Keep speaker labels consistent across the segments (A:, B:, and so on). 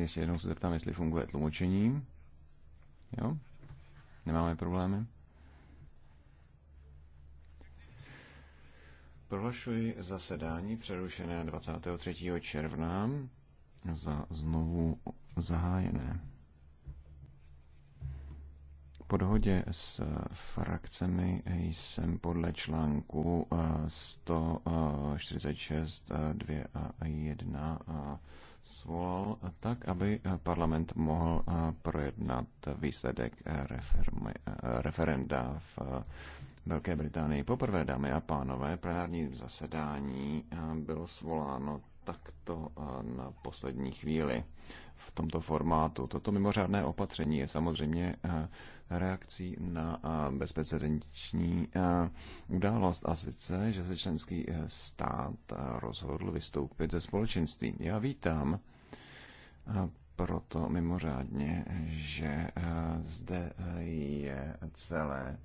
A: ještě jednou se zeptám, jestli funguje tlumočení. Jo? Nemáme problémy? Prohlašuji zasedání přerušené 23. června za znovu zahájené. Po dohodě s frakcemi jsem podle článku 146 eh, 2 eh, eh, a 1 svolal tak, aby parlament mohl projednat výsledek refermy, referenda v Velké Británii. Poprvé, dámy a pánové, plenární zasedání bylo svoláno takto eh, na poslední chvíli v tomto formátu. Toto mimořádné opatření je samozřejmě eh, reakcí na eh, bezprecedenční událost a sice, že se členský stát rozhodl vystoupit ze společenství. Já vítám proto mimořádně, že zde je celé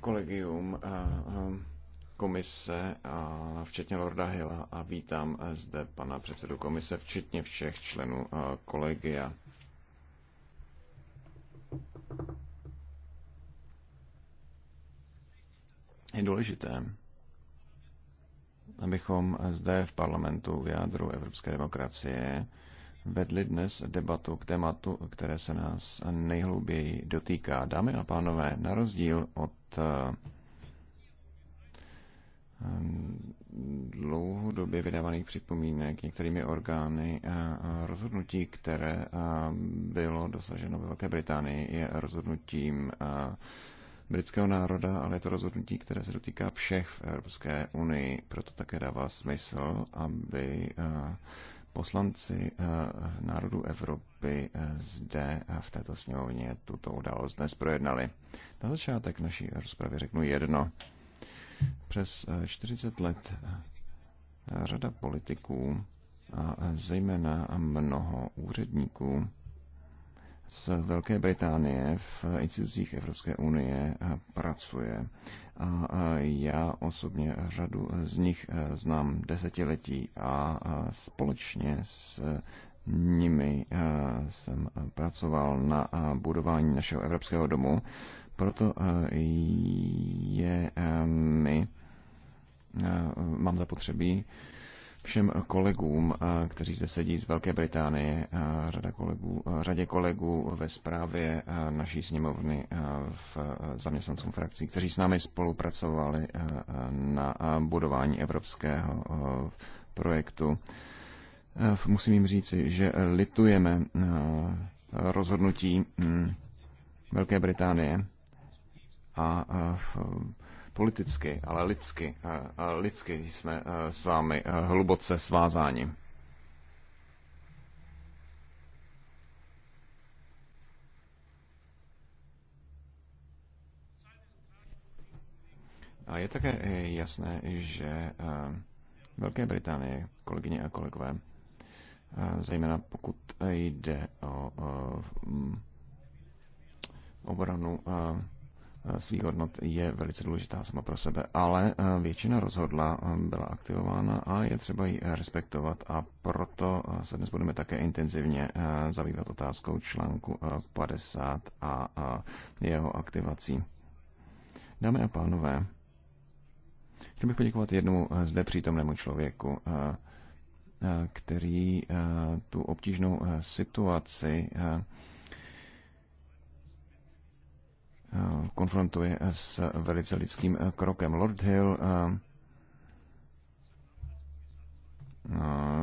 A: kolegium komise, včetně Lorda Hilla, a vítám zde pana předsedu komise, včetně všech členů kolegia. Je důležité, abychom zde v parlamentu v jádru evropské demokracie vedli dnes debatu k tématu, které se nás nejhlouběji dotýká. Dámy a pánové, na rozdíl od dlouhodobě vydávaných připomínek některými orgány a rozhodnutí, které bylo dosaženo ve Velké Británii, je rozhodnutím britského národa, ale je to rozhodnutí, které se dotýká všech v Evropské unii. Proto také dává smysl, aby poslanci národů Evropy zde a v této sněmovně tuto událost dnes projednali. Na začátek naší rozpravy řeknu jedno. Přes 40 eh, let eh, řada politiků a eh, zejména mnoho úředníků z Velké Británie v institucích Evropské unie pracuje. A já osobně řadu z nich znám desetiletí a společně s nimi eh, jsem eh, pracoval na eh, budování našeho Evropského domu. Proto je mi, mám zapotřebí všem kolegům, kteří zde sedí z Velké Británie, řada kolegů, řadě kolegů ve zprávě naší sněmovny v zaměstnancům frakcí, kteří s námi spolupracovali na budování evropského projektu. Eh, musím jim říci, že eh, litujeme eh, rozhodnutí hm, Velké Británie a politicky, ale lidsky, lidsky jsme s vámi hluboce svázáni. A je také jasné, že Velké Británie, kolegyně a kolegové, zejména pokud jde o mm, obranu svých hodnot je velice důležitá sama pro sebe, ale většina rozhodla, byla aktivována a je třeba ji respektovat a proto se dnes budeme také intenzivně zabývat otázkou článku 50 a jeho aktivací. Dámy a pánové, chtěl bych poděkovat jednomu zde přítomnému člověku, Eh, který eh, tu obtížnou eh, situaci konfrontuje s velice lidským krokem. Lord Hill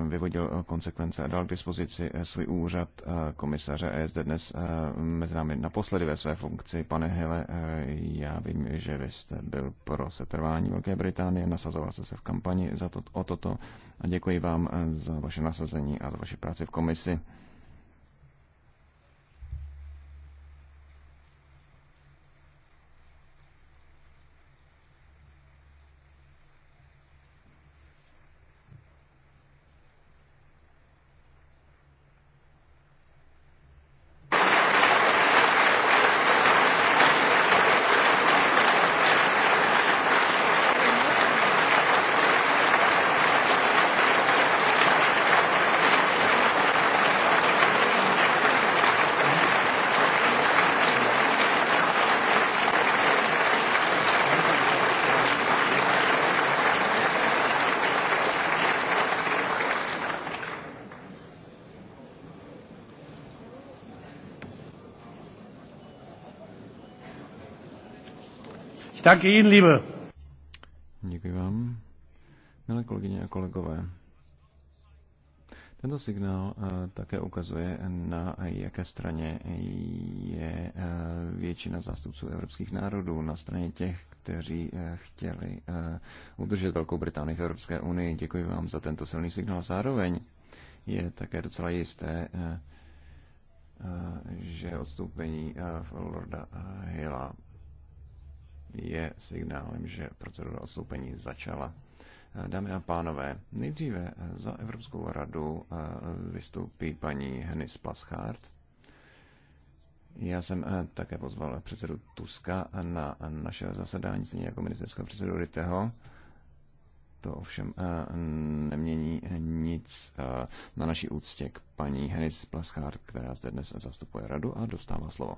A: vyvodil konsekvence a dal k dispozici svůj úřad komisaře a je zde dnes mezi námi naposledy ve své funkci. Pane Hele, já vím, že vy jste byl pro setrvání Velké Británie, nasazoval jste se v kampani za to, o toto a děkuji vám za vaše nasazení a za vaši práci v komisi. Ich danke Ihnen, liebe. Děkuji vám, milé kolegyně a kolegové. Tento signál eh, také ukazuje, na jaké straně je eh, většina zástupců evropských národů, na straně těch, kteří eh, chtěli udržet Velkou Británii v Evropské unii. Děkuji vám za tento silný signál. Zároveň je také docela jisté, že odstoupení Lorda Hilla je signálem, že procedura odstoupení začala. Dámy a pánové, nejdříve za Evropskou radu eh, vystoupí paní Hennis Plaschard. Já jsem eh, také pozval předsedu Tuska na naše zasedání, stejně jako ministerského předsedu Riteho. To ovšem eh, nemění nic na naší úctě k paní Hennis Plaschard, která zde dnes zastupuje radu a dostává slovo.